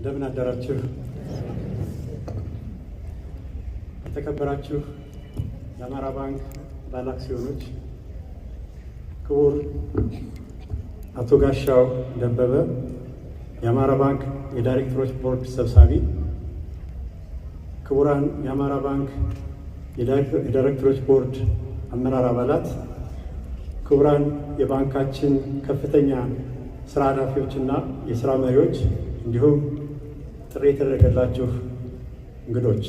እንደምን አደራችሁ? የተከበራችሁ የአማራ ባንክ ባለአክሲዮኖች፣ ክቡር አቶ ጋሻው ደበበ የአማራ ባንክ የዳይሬክተሮች ቦርድ ሰብሳቢ፣ ክቡራን የአማራ ባንክ የዳይሬክተሮች ቦርድ አመራር አባላት፣ ክቡራን የባንካችን ከፍተኛ ስራ ኃላፊዎችና የስራ መሪዎች እንዲሁም ጥሪ የተደረገላችሁ እንግዶች፣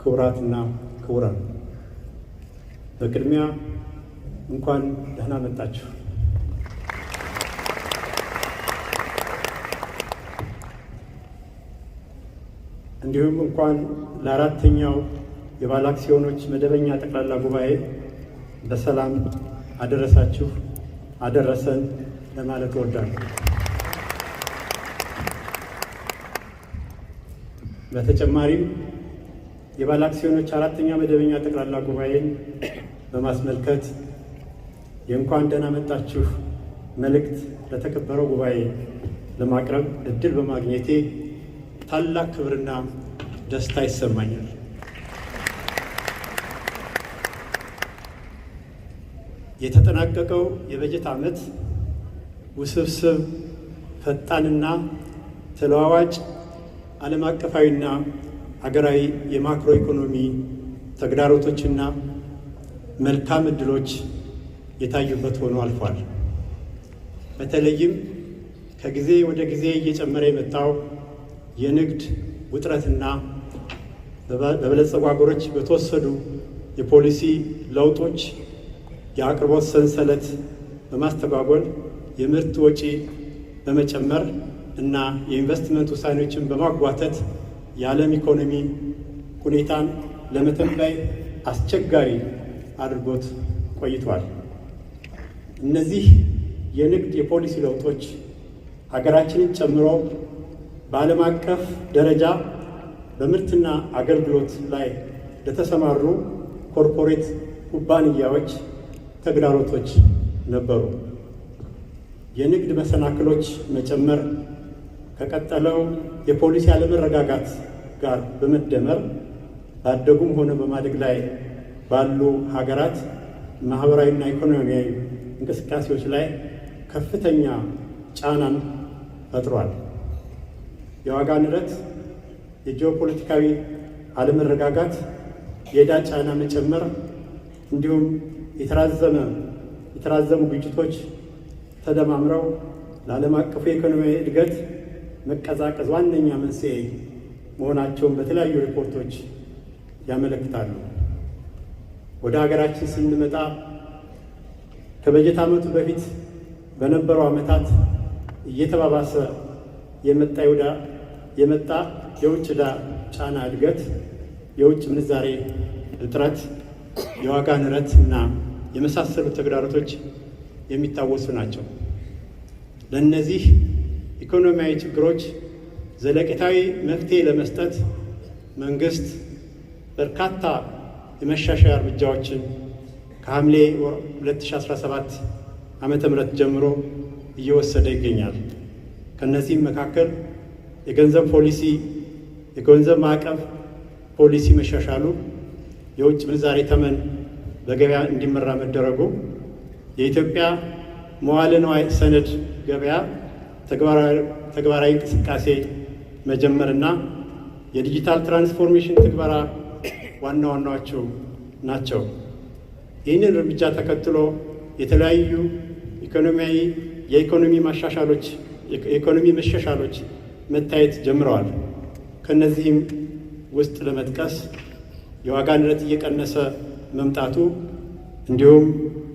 ክቡራትና ክቡራን፣ በቅድሚያ እንኳን ደህና መጣችሁ። እንዲሁም እንኳን ለአራተኛው የባለ አክሲዮኖች መደበኛ ጠቅላላ ጉባኤ በሰላም አደረሳችሁ አደረሰን ለማለት እወዳለሁ። በተጨማሪም የባለ አክሲዮኖች አራተኛ መደበኛ ጠቅላላ ጉባኤን በማስመልከት የእንኳን ደህና መጣችሁ መልእክት ለተከበረው ጉባኤ ለማቅረብ እድል በማግኘቴ ታላቅ ክብርና ደስታ ይሰማኛል። የተጠናቀቀው የበጀት ዓመት ውስብስብ፣ ፈጣንና ተለዋዋጭ ዓለም አቀፋዊና ሀገራዊ የማክሮ ኢኮኖሚ ተግዳሮቶችና መልካም እድሎች የታዩበት ሆኖ አልፏል። በተለይም ከጊዜ ወደ ጊዜ እየጨመረ የመጣው የንግድ ውጥረትና በበለጸጉ አገሮች በተወሰዱ የፖሊሲ ለውጦች የአቅርቦት ሰንሰለት በማስተጓጎል የምርት ወጪ በመጨመር እና የኢንቨስትመንት ውሳኔዎችን በማጓተት የዓለም ኢኮኖሚ ሁኔታን ለመተንበይ አስቸጋሪ አድርጎት ቆይቷል። እነዚህ የንግድ የፖሊሲ ለውጦች ሀገራችንን ጨምሮ በዓለም አቀፍ ደረጃ በምርትና አገልግሎት ላይ ለተሰማሩ ኮርፖሬት ኩባንያዎች ተግዳሮቶች ነበሩ። የንግድ መሰናክሎች መጨመር ከቀጠለው የፖሊሲ አለመረጋጋት ጋር በመደመር ባደጉም ሆነ በማደግ ላይ ባሉ ሀገራት ማህበራዊና ኢኮኖሚያዊ እንቅስቃሴዎች ላይ ከፍተኛ ጫናን ፈጥሯል። የዋጋ ንረት፣ የጂኦፖለቲካዊ አለመረጋጋት፣ የዕዳ ጫና መጨመር እንዲሁም የተራዘመ የተራዘሙ ግጭቶች ተደማምረው ለዓለም አቀፉ የኢኮኖሚያዊ እድገት መቀዛቀዝ ዋነኛ መንስኤ መሆናቸውን በተለያዩ ሪፖርቶች ያመለክታሉ። ወደ ሀገራችን ስንመጣ ከበጀት ዓመቱ በፊት በነበሩ ዓመታት እየተባባሰ የመጣ ይውዳ የመጣ የውጭ ዕዳ ጫና እድገት፣ የውጭ ምንዛሬ እጥረት፣ የዋጋ ንረት እና የመሳሰሉ ተግዳሮቶች የሚታወሱ ናቸው። ለእነዚህ ኢኮኖሚያዊ ችግሮች ዘለቄታዊ መፍትሄ ለመስጠት መንግስት በርካታ የመሻሻያ እርምጃዎችን ከሐምሌ 2017 ዓ ም ጀምሮ እየወሰደ ይገኛል። ከእነዚህም መካከል የገንዘብ ፖሊሲ የገንዘብ ማዕቀፍ ፖሊሲ መሻሻሉ፣ የውጭ ምንዛሬ ተመን በገበያ እንዲመራ መደረጉ፣ የኢትዮጵያ መዋለ ንዋይ ሰነድ ገበያ ተግባራዊ እንቅስቃሴ መጀመርና የዲጂታል ትራንስፎርሜሽን ትግበራ ዋና ዋናዎቹ ናቸው። ይህንን እርምጃ ተከትሎ የተለያዩ ኢኮኖሚያዊ የኢኮኖሚ ማሻሻሎች የኢኮኖሚ መሻሻሎች መታየት ጀምረዋል። ከእነዚህም ውስጥ ለመጥቀስ የዋጋ ንረት እየቀነሰ መምጣቱ እንዲሁም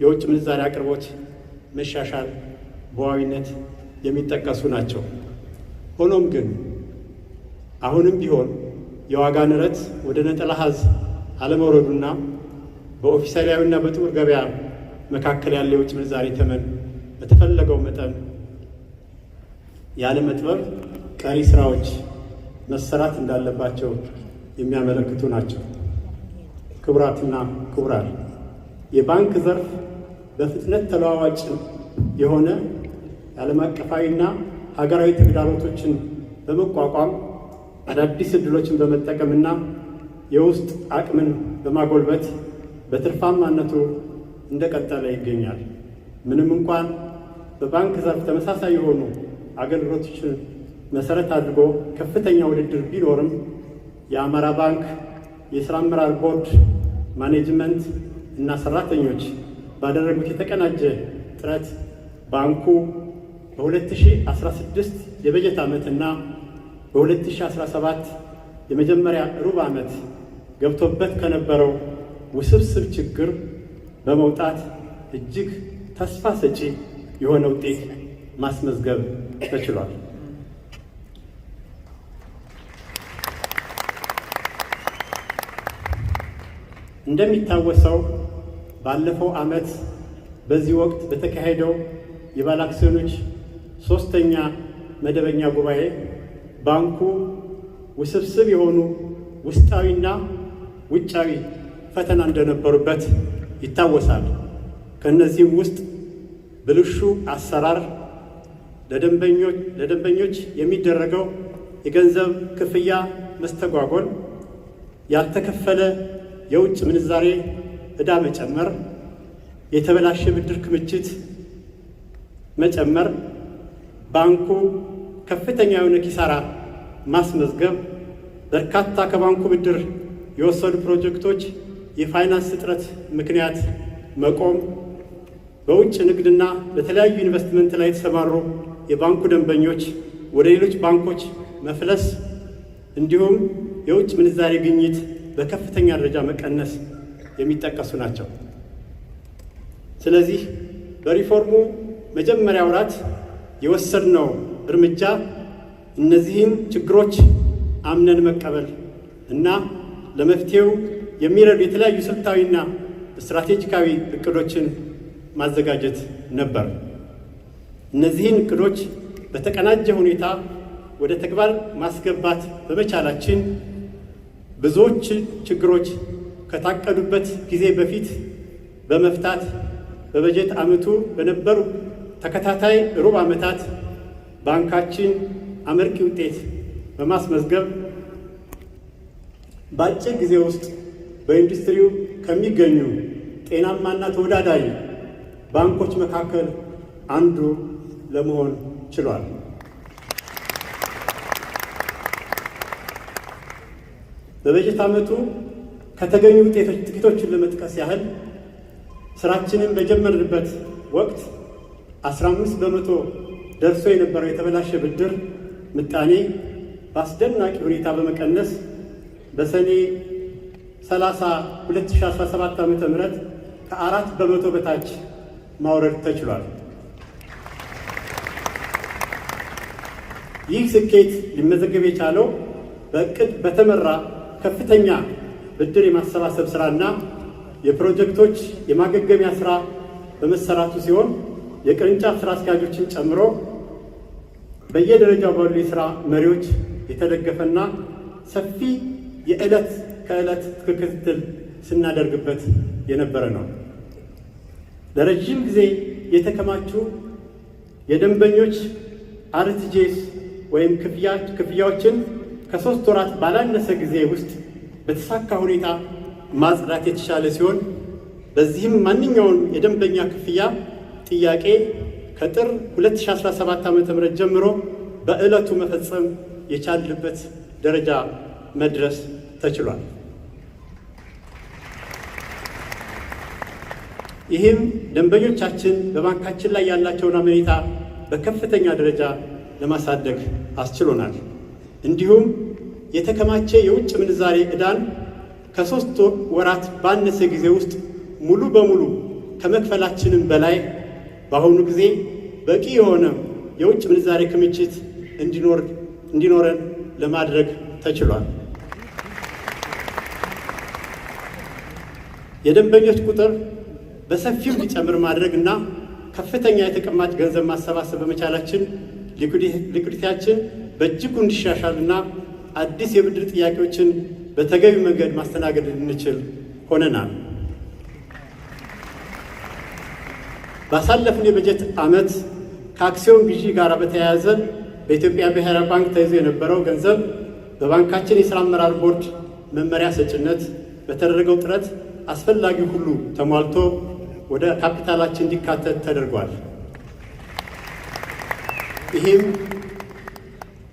የውጭ ምንዛሪ አቅርቦት መሻሻል በዋዊነት የሚጠቀሱ ናቸው። ሆኖም ግን አሁንም ቢሆን የዋጋ ንረት ወደ ነጠላ ሀዝ አለመውረዱና በኦፊሴላዊና በጥቁር ገበያ መካከል ያለ የውጭ ምንዛሪ ተመን በተፈለገው መጠን ያለመጥበብ ቀሪ ስራዎች መሰራት እንዳለባቸው የሚያመለክቱ ናቸው። ክቡራትና ክቡራን፣ የባንክ ዘርፍ በፍጥነት ተለዋዋጭ የሆነ የዓለም አቀፋዊና ሀገራዊ ተግዳሮቶችን በመቋቋም አዳዲስ እድሎችን በመጠቀምና የውስጥ አቅምን በማጎልበት በትርፋማነቱ እንደቀጠለ ይገኛል። ምንም እንኳን በባንክ ዘርፍ ተመሳሳይ የሆኑ አገልግሎቶችን መሰረት አድርጎ ከፍተኛ ውድድር ቢኖርም የአማራ ባንክ የስራ አመራር ቦርድ፣ ማኔጅመንት እና ሰራተኞች ባደረጉት የተቀናጀ ጥረት ባንኩ በ2016 የበጀት ዓመትና በ2017 የመጀመሪያ ሩብ ዓመት ገብቶበት ከነበረው ውስብስብ ችግር በመውጣት እጅግ ተስፋ ሰጪ የሆነ ውጤት ማስመዝገብ ተችሏል። እንደሚታወሰው ባለፈው ዓመት በዚህ ወቅት በተካሄደው የባለ አክሲዮኖች ሶስተኛ መደበኛ ጉባኤ ባንኩ ውስብስብ የሆኑ ውስጣዊና ውጫዊ ፈተና እንደነበሩበት ይታወሳል። ከእነዚህም ውስጥ ብልሹ አሰራር፣ ለደንበኞች የሚደረገው የገንዘብ ክፍያ መስተጓጎል፣ ያልተከፈለ የውጭ ምንዛሬ ዕዳ መጨመር፣ የተበላሸ ብድር ክምችት መጨመር ባንኩ ከፍተኛ የሆነ ኪሳራ ማስመዝገብ፣ በርካታ ከባንኩ ብድር የወሰዱ ፕሮጀክቶች የፋይናንስ እጥረት ምክንያት መቆም፣ በውጭ ንግድና በተለያዩ ኢንቨስትመንት ላይ የተሰማሩ የባንኩ ደንበኞች ወደ ሌሎች ባንኮች መፍለስ፣ እንዲሁም የውጭ ምንዛሬ ግኝት በከፍተኛ ደረጃ መቀነስ የሚጠቀሱ ናቸው። ስለዚህ በሪፎርሙ መጀመሪያ ወራት የወሰድነው እርምጃ እነዚህን ችግሮች አምነን መቀበል እና ለመፍትሄው የሚረዱ የተለያዩ ስልታዊና ስትራቴጂካዊ እቅዶችን ማዘጋጀት ነበር። እነዚህን እቅዶች በተቀናጀ ሁኔታ ወደ ተግባር ማስገባት በመቻላችን ብዙዎች ችግሮች ከታቀዱበት ጊዜ በፊት በመፍታት በበጀት ዓመቱ በነበሩ ተከታታይ ሩብ ዓመታት ባንካችን አመርቂ ውጤት በማስመዝገብ በአጭር ጊዜ ውስጥ በኢንዱስትሪው ከሚገኙ ጤናማና ተወዳዳሪ ባንኮች መካከል አንዱ ለመሆን ችሏል። በበጀት ዓመቱ ከተገኙ ውጤቶች ጥቂቶችን ለመጥቀስ ያህል ስራችንን በጀመርንበት ወቅት 15 በመቶ ደርሶ የነበረው የተበላሸ ብድር ምጣኔ በአስደናቂ ሁኔታ በመቀነስ በሰኔ 30 2017 ዓ.ም ከአራት በመቶ በታች ማውረድ ተችሏል። ይህ ስኬት ሊመዘገብ የቻለው በእቅድ በተመራ ከፍተኛ ብድር የማሰባሰብ ስራና የፕሮጀክቶች የማገገሚያ ስራ በመሰራቱ ሲሆን የቅርንጫፍ ስራ አስኪያጆችን ጨምሮ በየደረጃው ባሉ የስራ መሪዎች የተደገፈና ሰፊ የዕለት ከዕለት ክትትል ስናደርግበት የነበረ ነው። ለረዥም ጊዜ የተከማቹ የደንበኞች አርትጄስ ወይም ክፍያዎችን ከሶስት ወራት ባላነሰ ጊዜ ውስጥ በተሳካ ሁኔታ ማጽዳት የተሻለ ሲሆን በዚህም ማንኛውም የደንበኛ ክፍያ ጥያቄ ከጥር 2017 ዓ.ም ጀምሮ በዕለቱ መፈጸም የቻልንበት ደረጃ መድረስ ተችሏል። ይህም ደንበኞቻችን በባንካችን ላይ ያላቸውን አመኔታ በከፍተኛ ደረጃ ለማሳደግ አስችሎናል። እንዲሁም የተከማቸ የውጭ ምንዛሬ ዕዳን ከሶስት ወራት ባነሰ ጊዜ ውስጥ ሙሉ በሙሉ ከመክፈላችንም በላይ በአሁኑ ጊዜ በቂ የሆነ የውጭ ምንዛሬ ክምችት እንዲኖረን ለማድረግ ተችሏል። የደንበኞች ቁጥር በሰፊው እንዲጨምር ማድረግ እና ከፍተኛ የተቀማጭ ገንዘብ ማሰባሰብ በመቻላችን ሊኩዲቲያችን በእጅጉ እንዲሻሻል እና አዲስ የብድር ጥያቄዎችን በተገቢ መንገድ ማስተናገድ እንችል ሆነናል። ባሳለፍን የበጀት ዓመት ከአክሲዮን ግዢ ጋር በተያያዘ በኢትዮጵያ ብሔራዊ ባንክ ተይዞ የነበረው ገንዘብ በባንካችን የሥራ አመራር ቦርድ መመሪያ ሰጭነት በተደረገው ጥረት አስፈላጊ ሁሉ ተሟልቶ ወደ ካፒታላችን እንዲካተት ተደርጓል። ይህም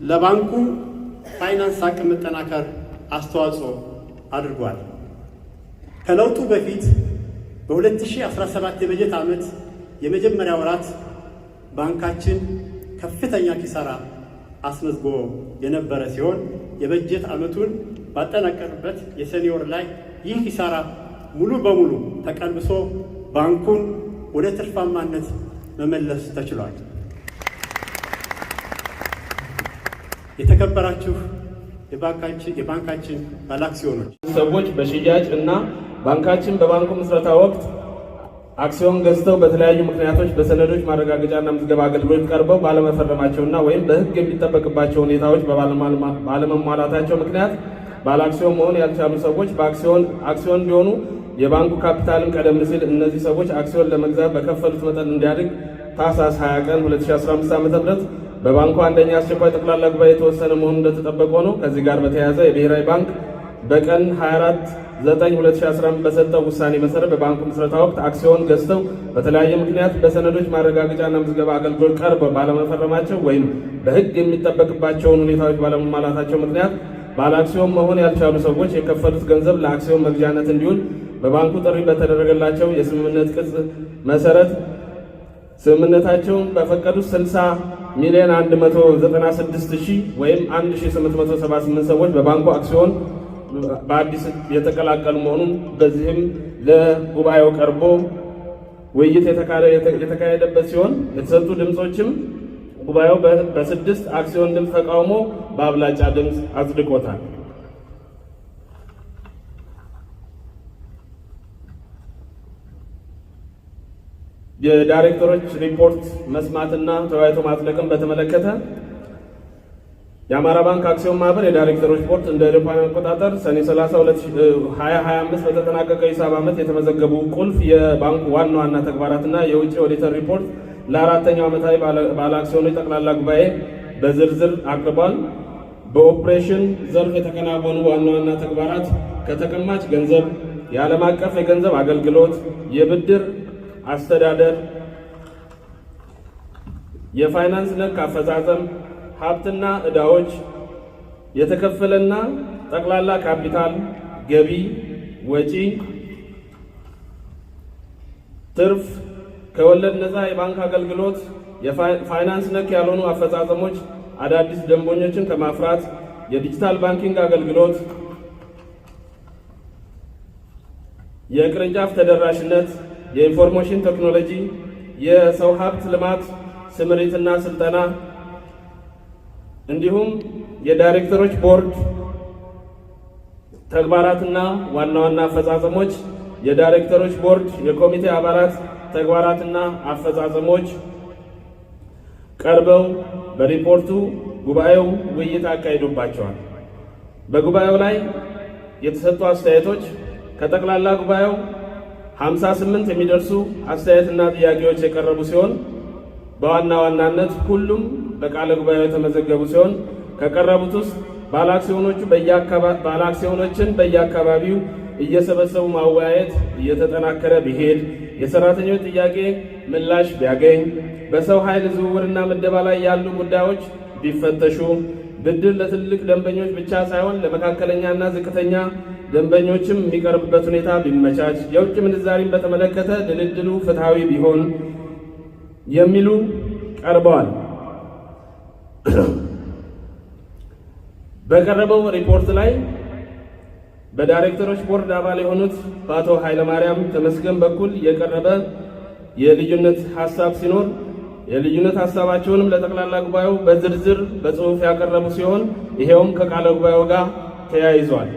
ለባንኩ ፋይናንስ አቅም መጠናከር አስተዋጽኦ አድርጓል። ከለውጡ በፊት በ2017 የበጀት ዓመት የመጀመሪያ ወራት ባንካችን ከፍተኛ ኪሳራ አስመዝጎ የነበረ ሲሆን የበጀት ዓመቱን ባጠናቀቅበት የሰኔ ወር ላይ ይህ ኪሳራ ሙሉ በሙሉ ተቀልብሶ ባንኩን ወደ ትርፋማነት መመለስ ተችሏል። የተከበራችሁ የባንካችን ባለአክሲዮኖች ሰዎች በሽያጭ እና ባንካችን በባንኩ ምስረታ ወቅት አክሲዮን ገዝተው በተለያዩ ምክንያቶች በሰነዶች ማረጋገጫና ምዝገባ አገልግሎት ቀርበው ባለመፈረማቸውና ወይም በሕግ የሚጠበቅባቸው ሁኔታዎች ባለመሟላታቸው ምክንያት ባለ አክሲዮን መሆን ያልቻሉ ሰዎች አክሲዮን እንዲሆኑ የባንኩ ካፒታልን ቀደም ሲል እነዚህ ሰዎች አክሲዮን ለመግዛት በከፈሉት መጠን እንዲያድግ ታህሳስ 20 ቀን 2015 ዓ.ም በባንኩ አንደኛ አስቸኳይ ጠቅላላ ጉባኤ የተወሰነ መሆኑ እንደተጠበቀ ነው። ከዚህ ጋር በተያያዘ የብሔራዊ ባንክ በቀን 24 9/2015 በሰጠው ውሳኔ መሰረት በባንኩ ምስረታ ወቅት አክሲዮን ገዝተው በተለያየ ምክንያት በሰነዶች ማረጋገጫና ምዝገባ አገልግሎት ቀርበ ባለመፈረማቸው ወይም በህግ የሚጠበቅባቸውን ሁኔታዎች ባለመሟላታቸው ምክንያት ባለ አክሲዮን መሆን ያልቻሉ ሰዎች የከፈሉት ገንዘብ ለአክሲዮን መግዣነት እንዲውል በባንኩ ጥሪ በተደረገላቸው የስምምነት ቅጽ መሰረት ስምምነታቸውን በፈቀዱት 60 ሚሊዮን 196 ሺህ ወይም 1878 ሰዎች በባንኩ አክሲዮን በአዲስ የተቀላቀሉ መሆኑን በዚህም ለጉባኤው ቀርቦ ውይይት የተካሄደበት ሲሆን የተሰጡ ድምፆችም ጉባኤው በስድስት አክሲዮን ድምፅ ተቃውሞ በአብላጫ ድምፅ አጽድቆታል። የዳይሬክተሮች ሪፖርት መስማትና ተወያይቶ ማጽደቅን በተመለከተ የአማራ ባንክ አክሲዮን ማህበር የዳይሬክተሮች ቦርድ እንደ አውሮፓውያን አቆጣጠር ሰኔ 30 2025 በተጠናቀቀ ሂሳብ ዓመት የተመዘገቡ ቁልፍ የባንኩ ዋና ዋና ተግባራትና የውጭ ኦዲተር ሪፖርት ለአራተኛው ዓመታዊ ባለ አክሲዮኖች ጠቅላላ ጉባኤ በዝርዝር አቅርቧል። በኦፕሬሽን ዘርፍ የተከናወኑ ዋና ዋና ተግባራት ከተቀማጭ ገንዘብ፣ የዓለም አቀፍ የገንዘብ አገልግሎት፣ የብድር አስተዳደር፣ የፋይናንስ ነክ አፈጻጸም ሀብትና ዕዳዎች፣ የተከፈለና ጠቅላላ ካፒታል፣ ገቢ፣ ወጪ፣ ትርፍ፣ ከወለድ ነፃ የባንክ አገልግሎት፣ የፋይናንስ ነክ ያልሆኑ አፈጻጸሞች፣ አዳዲስ ደንበኞችን ከማፍራት የዲጂታል ባንኪንግ አገልግሎት፣ የቅርንጫፍ ተደራሽነት፣ የኢንፎርሜሽን ቴክኖሎጂ፣ የሰው ሀብት ልማት ስምሪትና ስልጠና እንዲሁም የዳይሬክተሮች ቦርድ ተግባራትና ዋና ዋና አፈጻጸሞች፣ የዳይሬክተሮች ቦርድ የኮሚቴ አባላት ተግባራትና አፈጻጸሞች ቀርበው በሪፖርቱ ጉባኤው ውይይት አካሂዶባቸዋል። በጉባኤው ላይ የተሰጡ አስተያየቶች ከጠቅላላ ጉባኤው 58 የሚደርሱ አስተያየትና ጥያቄዎች የቀረቡ ሲሆን በዋና ዋናነት ሁሉም በቃለ ጉባኤው የተመዘገቡ ሲሆን ከቀረቡት ውስጥ ባለአክሲዮኖችን በየአካባቢው እየሰበሰቡ ማወያየት እየተጠናከረ ቢሄድ፣ የሰራተኞች ጥያቄ ምላሽ ቢያገኝ፣ በሰው ኃይል ዝውውርና ምደባ ላይ ያሉ ጉዳዮች ቢፈተሹ፣ ብድር ለትልቅ ደንበኞች ብቻ ሳይሆን ለመካከለኛና ዝቅተኛ ደንበኞችም የሚቀርብበት ሁኔታ ቢመቻች፣ የውጭ ምንዛሪን በተመለከተ ድልድሉ ፍትሐዊ ቢሆን የሚሉ ቀርበዋል። በቀረበው ሪፖርት ላይ በዳይሬክተሮች ቦርድ አባል የሆኑት በአቶ ኃይለማርያም ተመስገን በኩል የቀረበ የልዩነት ሀሳብ ሲኖር የልዩነት ሀሳባቸውንም ለጠቅላላ ጉባኤው በዝርዝር በጽሁፍ ያቀረቡ ሲሆን ይሄውም ከቃለ ጉባኤው ጋር ተያይዟል።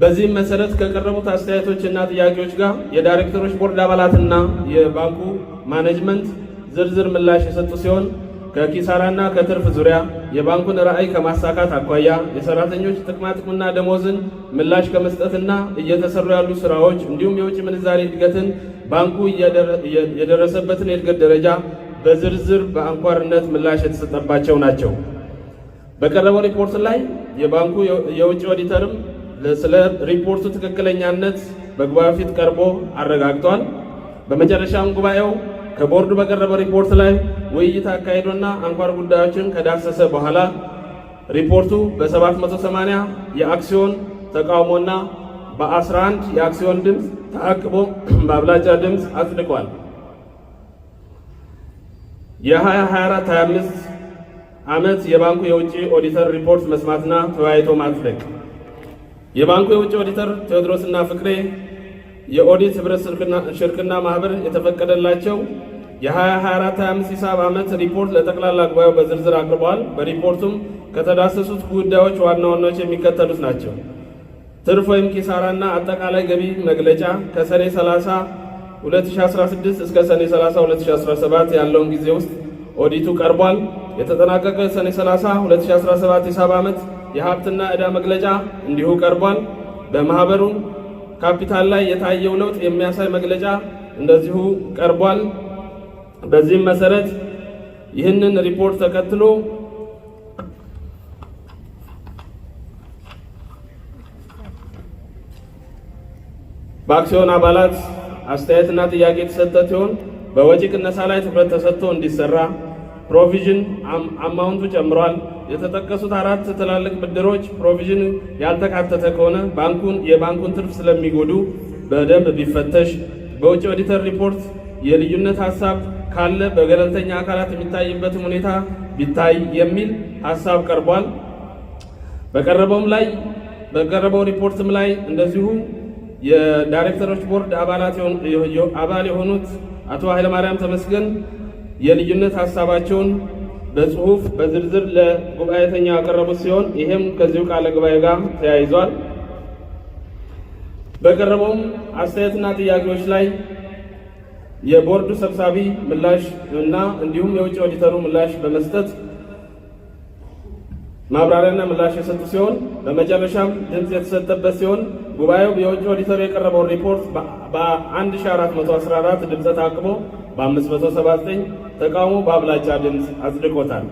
በዚህም መሰረት ከቀረቡት እና ጥያቄዎች ጋር የዳይሬክተሮች ቦርድ አባላትና የባንኩ ማኔጅመንት ዝርዝር ምላሽ የሰጡ ሲሆን ከኪሳራና ከትርፍ ዙሪያ የባንኩን ራዕይ ከማሳካት አኳያ የሰራተኞች ጥቅማጥቅምና ደሞዝን ምላሽ ከመስጠትና እየተሰሩ ያሉ ስራዎች እንዲሁም የውጭ ምንዛሬ እድገትን ባንኩ የደረሰበትን የእድገት ደረጃ በዝርዝር በአንኳርነት ምላሽ የተሰጠባቸው ናቸው። በቀረበው ሪፖርት ላይ የባንኩ የውጭ ኦዲተርም ስለ ሪፖርቱ ትክክለኛነት በጉባኤው ፊት ቀርቦ አረጋግጧል። በመጨረሻም ጉባኤው ከቦርዱ በቀረበ ሪፖርት ላይ ውይይት አካሂዶና አንኳር ጉዳዮችን ከዳሰሰ በኋላ ሪፖርቱ በ780 የአክሲዮን ተቃውሞና በ11 የአክሲዮን ድምፅ ተአቅቦ በአብላጫ ድምፅ አጽድቋል። የ2024/25 ዓመት የባንኩ የውጭ ኦዲተር ሪፖርት መስማትና ተወያይቶ ማጽደቅ የባንኩ የውጭ ኦዲተር ቴዎድሮስና ፍቅሬ የኦዲት ህብረት ሽርክና ማህበር የተፈቀደላቸው የ2024/25 ሂሳብ ዓመት ሪፖርት ለጠቅላላ ጉባኤው በዝርዝር አቅርበዋል። በሪፖርቱም ከተዳሰሱት ጉዳዮች ዋና ዋናዎች የሚከተሉት ናቸው። ትርፍ ወይም ኪሳራና አጠቃላይ ገቢ መግለጫ ከሰኔ 30 2016 እስከ ሰኔ 30 2017 ያለውን ጊዜ ውስጥ ኦዲቱ ቀርቧል። የተጠናቀቀ ሰኔ 30 2017 ሂሳብ ዓመት የሀብትና ዕዳ መግለጫ እንዲሁ ቀርቧል። በማኅበሩ ካፒታል ላይ የታየው ለውጥ የሚያሳይ መግለጫ እንደዚሁ ቀርቧል። በዚህም መሰረት ይህንን ሪፖርት ተከትሎ በአክሲዮን አባላት አስተያየትና ጥያቄ የተሰጠ ሲሆን በወጪ ቅነሳ ላይ ትኩረት ተሰጥቶ እንዲሰራ ፕሮቪዥን አማውንቱ ጨምሯል። የተጠቀሱት አራት ትላልቅ ብድሮች ፕሮቪዥን ያልተካተተ ከሆነ ባንኩን የባንኩን ትርፍ ስለሚጎዱ በደንብ ቢፈተሽ፣ በውጭ ኦዲተር ሪፖርት የልዩነት ሀሳብ ካለ በገለልተኛ አካላት የሚታይበትም ሁኔታ ቢታይ የሚል ሀሳብ ቀርቧል። በቀረበውም ላይ በቀረበው ሪፖርትም ላይ እንደዚሁ የዳይሬክተሮች ቦርድ አባላት አባል የሆኑት አቶ ኃይለማርያም ተመስገን የልዩነት ሀሳባቸውን በጽሁፍ በዝርዝር ለጉባኤተኛ ያቀረቡት ሲሆን ይህም ከዚሁ ቃለ ጉባኤ ጋር ተያይዟል። በቀረበውም አስተያየትና ጥያቄዎች ላይ የቦርዱ ሰብሳቢ ምላሽ እና እንዲሁም የውጭ ኦዲተሩ ምላሽ በመስጠት ማብራሪያና ምላሽ የሰጡ ሲሆን በመጨረሻም ድምፅ የተሰጠበት ሲሆን ጉባኤው የውጭ ኦዲተሩ የቀረበውን ሪፖርት በ1414 ድምፀ ታቅቦ በ579 ተቃውሞ በአብላጫ ድምፅ አጽድቆታል።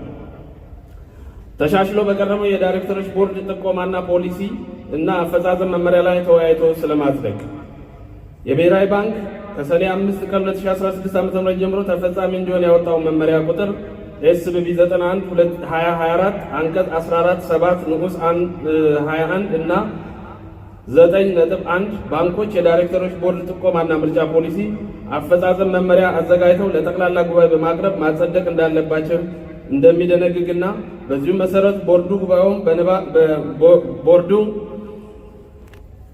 ተሻሽሎ በቀረበው የዳይሬክተሮች ቦርድ ጥቆማና ፖሊሲ እና አፈጻጸም መመሪያ ላይ ተወያይቶ ስለማጽደቅ የብሔራዊ ባንክ ከሰኔ 5 ቀን 2016 ዓ.ም ጀምሮ ተፈጻሚ እንዲሆን ያወጣው መመሪያ ቁጥር ኤስቢቢ 91 2024 አንቀጽ 14 7 ንዑስ 21 እና ዘጠኝ ነጥብ አንድ ባንኮች የዳይሬክተሮች ቦርድ ጥቆማና ምርጫ ፖሊሲ አፈጻጸም መመሪያ አዘጋጅተው ለጠቅላላ ጉባኤ በማቅረብ ማጸደቅ እንዳለባቸው እንደሚደነግግና በዚሁም መሰረት ቦርዱ ጉባኤውን ቦርዱ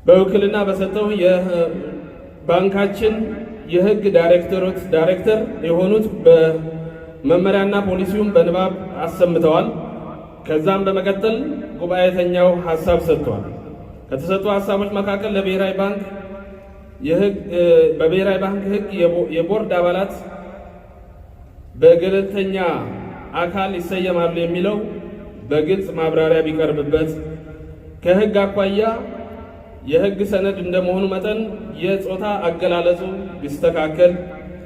በውክልና በሰጠው የባንካችን የህግ ዳይሬክተሮች ዳይሬክተር የሆኑት በመመሪያና ፖሊሲውን በንባብ አሰምተዋል። ከዛም በመቀጠል ጉባኤተኛው ሀሳብ ሰጥቷል። ከተሰጡ ሀሳቦች መካከል ለብሔራዊ ባንክ በብሔራዊ ባንክ ህግ የቦርድ አባላት በገለልተኛ አካል ይሰየማሉ የሚለው በግልጽ ማብራሪያ ቢቀርብበት፣ ከህግ አኳያ የህግ ሰነድ እንደመሆኑ መጠን የጾታ አገላለጹ ቢስተካከል፣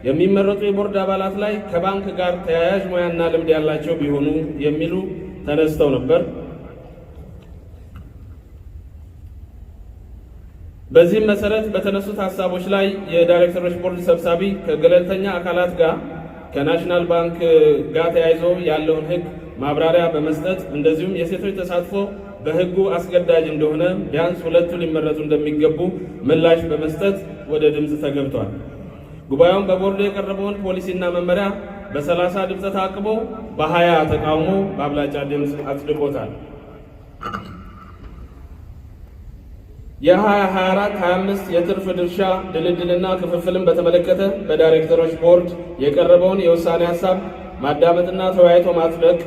የሚመረጡ የቦርድ አባላት ላይ ከባንክ ጋር ተያያዥ ሙያና ልምድ ያላቸው ቢሆኑ የሚሉ ተነስተው ነበር። በዚህም መሰረት በተነሱት ሀሳቦች ላይ የዳይሬክተሮች ቦርድ ሰብሳቢ ከገለልተኛ አካላት ጋር ከናሽናል ባንክ ጋር ተያይዞ ያለውን ህግ ማብራሪያ በመስጠት እንደዚሁም የሴቶች ተሳትፎ በህጉ አስገዳጅ እንደሆነ ቢያንስ ሁለቱ ሊመረጡ እንደሚገቡ ምላሽ በመስጠት ወደ ድምፅ ተገብቷል። ጉባኤውን በቦርዱ የቀረበውን ፖሊሲና መመሪያ በሰላሳ ድምፀ በ በሀያ ተቃውሞ በአብላጫ ድምፅ አጽድቆታል። የ2024 25 የትርፍ ድርሻ ድልድልና ክፍፍልን በተመለከተ በዳይሬክተሮች ቦርድ የቀረበውን የውሳኔ ሀሳብ ማዳመጥና ተወያይቶ ማጽደቅ፣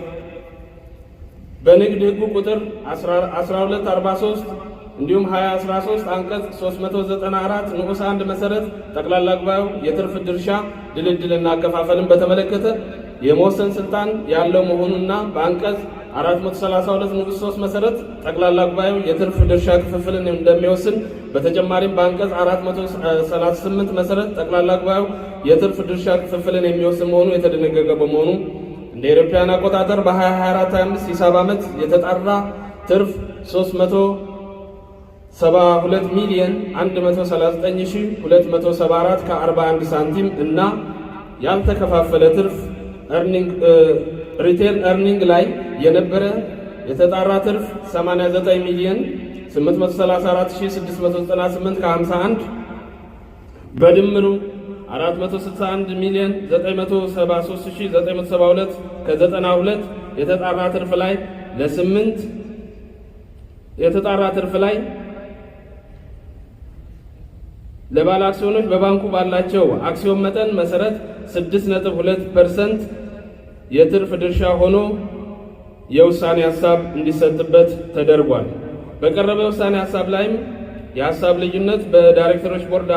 በንግድ ሕጉ ቁጥር 1243 እንዲሁም 2013 አንቀጽ 394 ንዑስ 1 መሰረት ጠቅላላ ጉባኤው የትርፍ ድርሻ ድልድልና አከፋፈልን በተመለከተ የመወሰን ስልጣን ያለው መሆኑና በአንቀጽ 432 ንዑስ 3 መሰረት ጠቅላላ ጉባኤው የትርፍ ድርሻ ክፍፍልን እንደሚወስን፣ በተጨማሪም በአንቀጽ 438 መሰረት ጠቅላላ ጉባኤው የትርፍ ድርሻ ክፍፍልን የሚወስን መሆኑ የተደነገገ በመሆኑ እንደ ኢትዮጵያን አቆጣጠር በ2024/25 ሂሳብ ዓመት የተጣራ ትርፍ 372 ሚሊዮን 139274 ከ41 ሳንቲም እና ያልተከፋፈለ ትርፍ ሪቴል ኤርኒንግ ላይ የነበረ የተጣራ ትርፍ 89 ሚሊዮን 834698 ከ51 በድምሩ 461 ሚሊዮን 973972 ከ92 የተጣራ ትርፍ ላይ ለስምንት የተጣራ ትርፍ ላይ ለባለ አክሲዮኖች በባንኩ ባላቸው አክሲዮን መጠን መሰረት 6.2 ፐርሰንት የትርፍ ድርሻ ሆኖ የውሳኔ ሀሳብ እንዲሰጥበት ተደርጓል። በቀረበ ውሳኔ ሀሳብ ላይም የሀሳብ ልዩነት በዳይሬክተሮች ቦርድ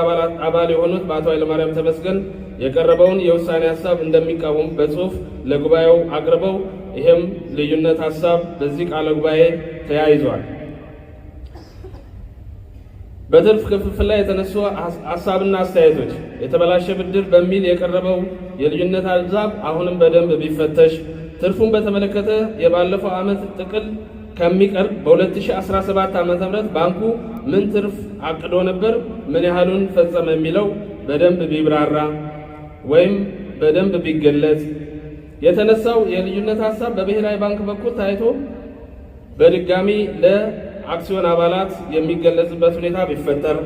አባል የሆኑት በአቶ ኃይለማርያም ተመስገን የቀረበውን የውሳኔ ሀሳብ እንደሚቃወሙ በጽሁፍ ለጉባኤው አቅርበው ይህም ልዩነት ሀሳብ በዚህ ቃለ ጉባኤ ተያይዟል። በትርፍ ክፍፍል ላይ የተነሱ ሀሳብና አስተያየቶች የተበላሸ ብድር በሚል የቀረበው የልዩነት አዛብ አሁንም በደንብ ቢፈተሽ፣ ትርፉን በተመለከተ የባለፈው ዓመት ጥቅል ከሚቀርብ በ2017 ዓ ም ባንኩ ምን ትርፍ አቅዶ ነበር፣ ምን ያህሉን ፈጸመ የሚለው በደንብ ቢብራራ ወይም በደንብ ቢገለጽ፣ የተነሳው የልዩነት ሀሳብ በብሔራዊ ባንክ በኩል ታይቶ በድጋሚ ለ አክሲዮን አባላት የሚገለጽበት ሁኔታ ቢፈጠር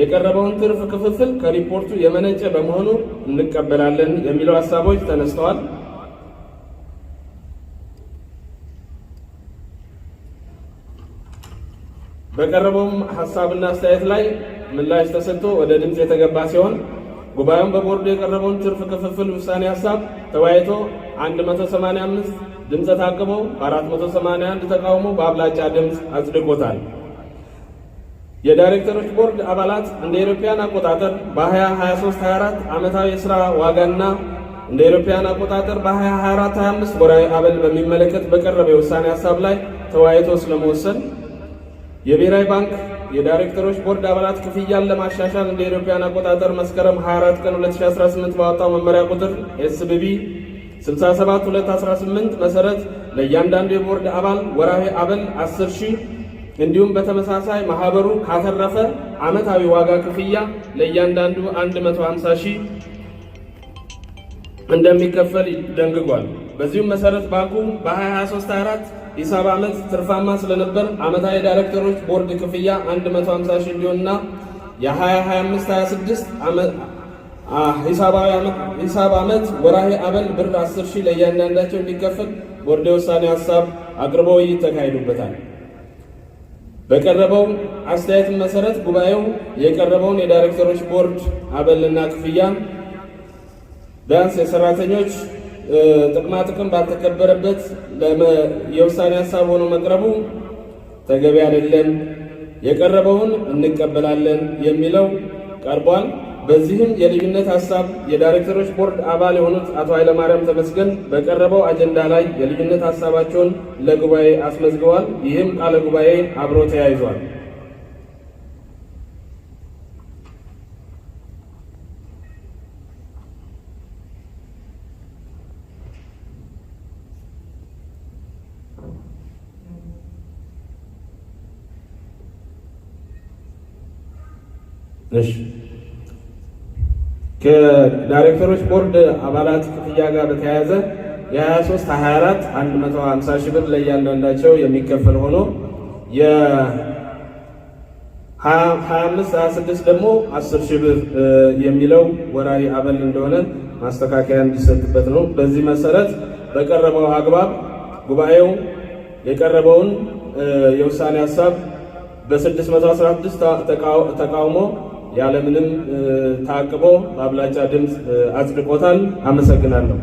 የቀረበውን ትርፍ ክፍፍል ከሪፖርቱ የመነጨ በመሆኑ እንቀበላለን የሚለው ሀሳቦች ተነስተዋል። በቀረበውም ሀሳብና አስተያየት ላይ ምላሽ ተሰጥቶ ወደ ድምፅ የተገባ ሲሆን ጉባኤውን በቦርዱ የቀረበውን ትርፍ ክፍፍል ውሳኔ ሀሳብ ተወያይቶ 185 ድምፀ ታቅበው በ481 ተቃውሞ በአብላጫ ድምፅ አጽድቆታል። የዳይሬክተሮች ቦርድ አባላት እንደ ኢትዮጵያን አቆጣጠር በ2023 24 ዓመታዊ የሥራ ዋጋና እንደ ኢትዮጵያን አቆጣጠር በ2024 25 ወራዊ አበል በሚመለከት በቀረበ የውሳኔ ሀሳብ ላይ ተወያይቶ ስለመወሰን የብሔራዊ ባንክ የዳይሬክተሮች ቦርድ አባላት ክፍያን ለማሻሻል እንደ ኢትዮጵያን አቆጣጠር መስከረም 24 ቀን 2018 ባወጣው መመሪያ ቁጥር ኤስቢቢ 67 218 መሰረት ለእያንዳንዱ የቦርድ አባል ወራዊ አበል 10 ሺህ እንዲሁም በተመሳሳይ ማህበሩ ካተረፈ ዓመታዊ ዋጋ ክፍያ ለእያንዳንዱ 150 ሺህ እንደሚከፈል ደንግጓል። በዚሁም መሰረት ባንኩ በ 2324 24 ሂሳብ ዓመት ትርፋማ ስለነበር ዓመታዊ ዳይሬክተሮች ቦርድ ክፍያ 150 ሺህ እንዲሆንና የ 2526 ሂሳብ ዓመት ወራሄ አበል ብር 10 ሺህ ለእያንዳንዳቸው እንዲከፈል ቦርድ የውሳኔ ሀሳብ አቅርቦ ውይይት ተካሂዱበታል። በቀረበው አስተያየት መሰረት ጉባኤው የቀረበውን የዳይሬክተሮች ቦርድ አበልና ክፍያ ቢያንስ የሰራተኞች ጥቅማጥቅም ባልተከበረበት የውሳኔ ሀሳብ ሆኖ መቅረቡ ተገቢ አይደለም፣ የቀረበውን እንቀበላለን የሚለው ቀርቧል። በዚህም የልዩነት ሀሳብ የዳይሬክተሮች ቦርድ አባል የሆኑት አቶ ኃይለማርያም ተመስገን በቀረበው አጀንዳ ላይ የልዩነት ሀሳባቸውን ለጉባኤ አስመዝግበዋል። ይህም ቃለ ጉባኤ አብሮ ተያይዟል። እሺ ከዳይሬክተሮች ቦርድ አባላት ክፍያ ጋር በተያያዘ የ23 24 150 ሺህ ብር ለእያንዳንዳቸው የሚከፈል ሆኖ የ25 26 ደግሞ 10 ሺህ ብር የሚለው ወራዊ አበል እንደሆነ ማስተካከያ እንዲሰጥበት ነው። በዚህ መሰረት በቀረበው አግባብ ጉባኤው የቀረበውን የውሳኔ ሀሳብ በ616 ተቃውሞ ያለምንም ታቅቦ በአብላጫ ድምፅ አጽድቆታል። አመሰግናለሁ።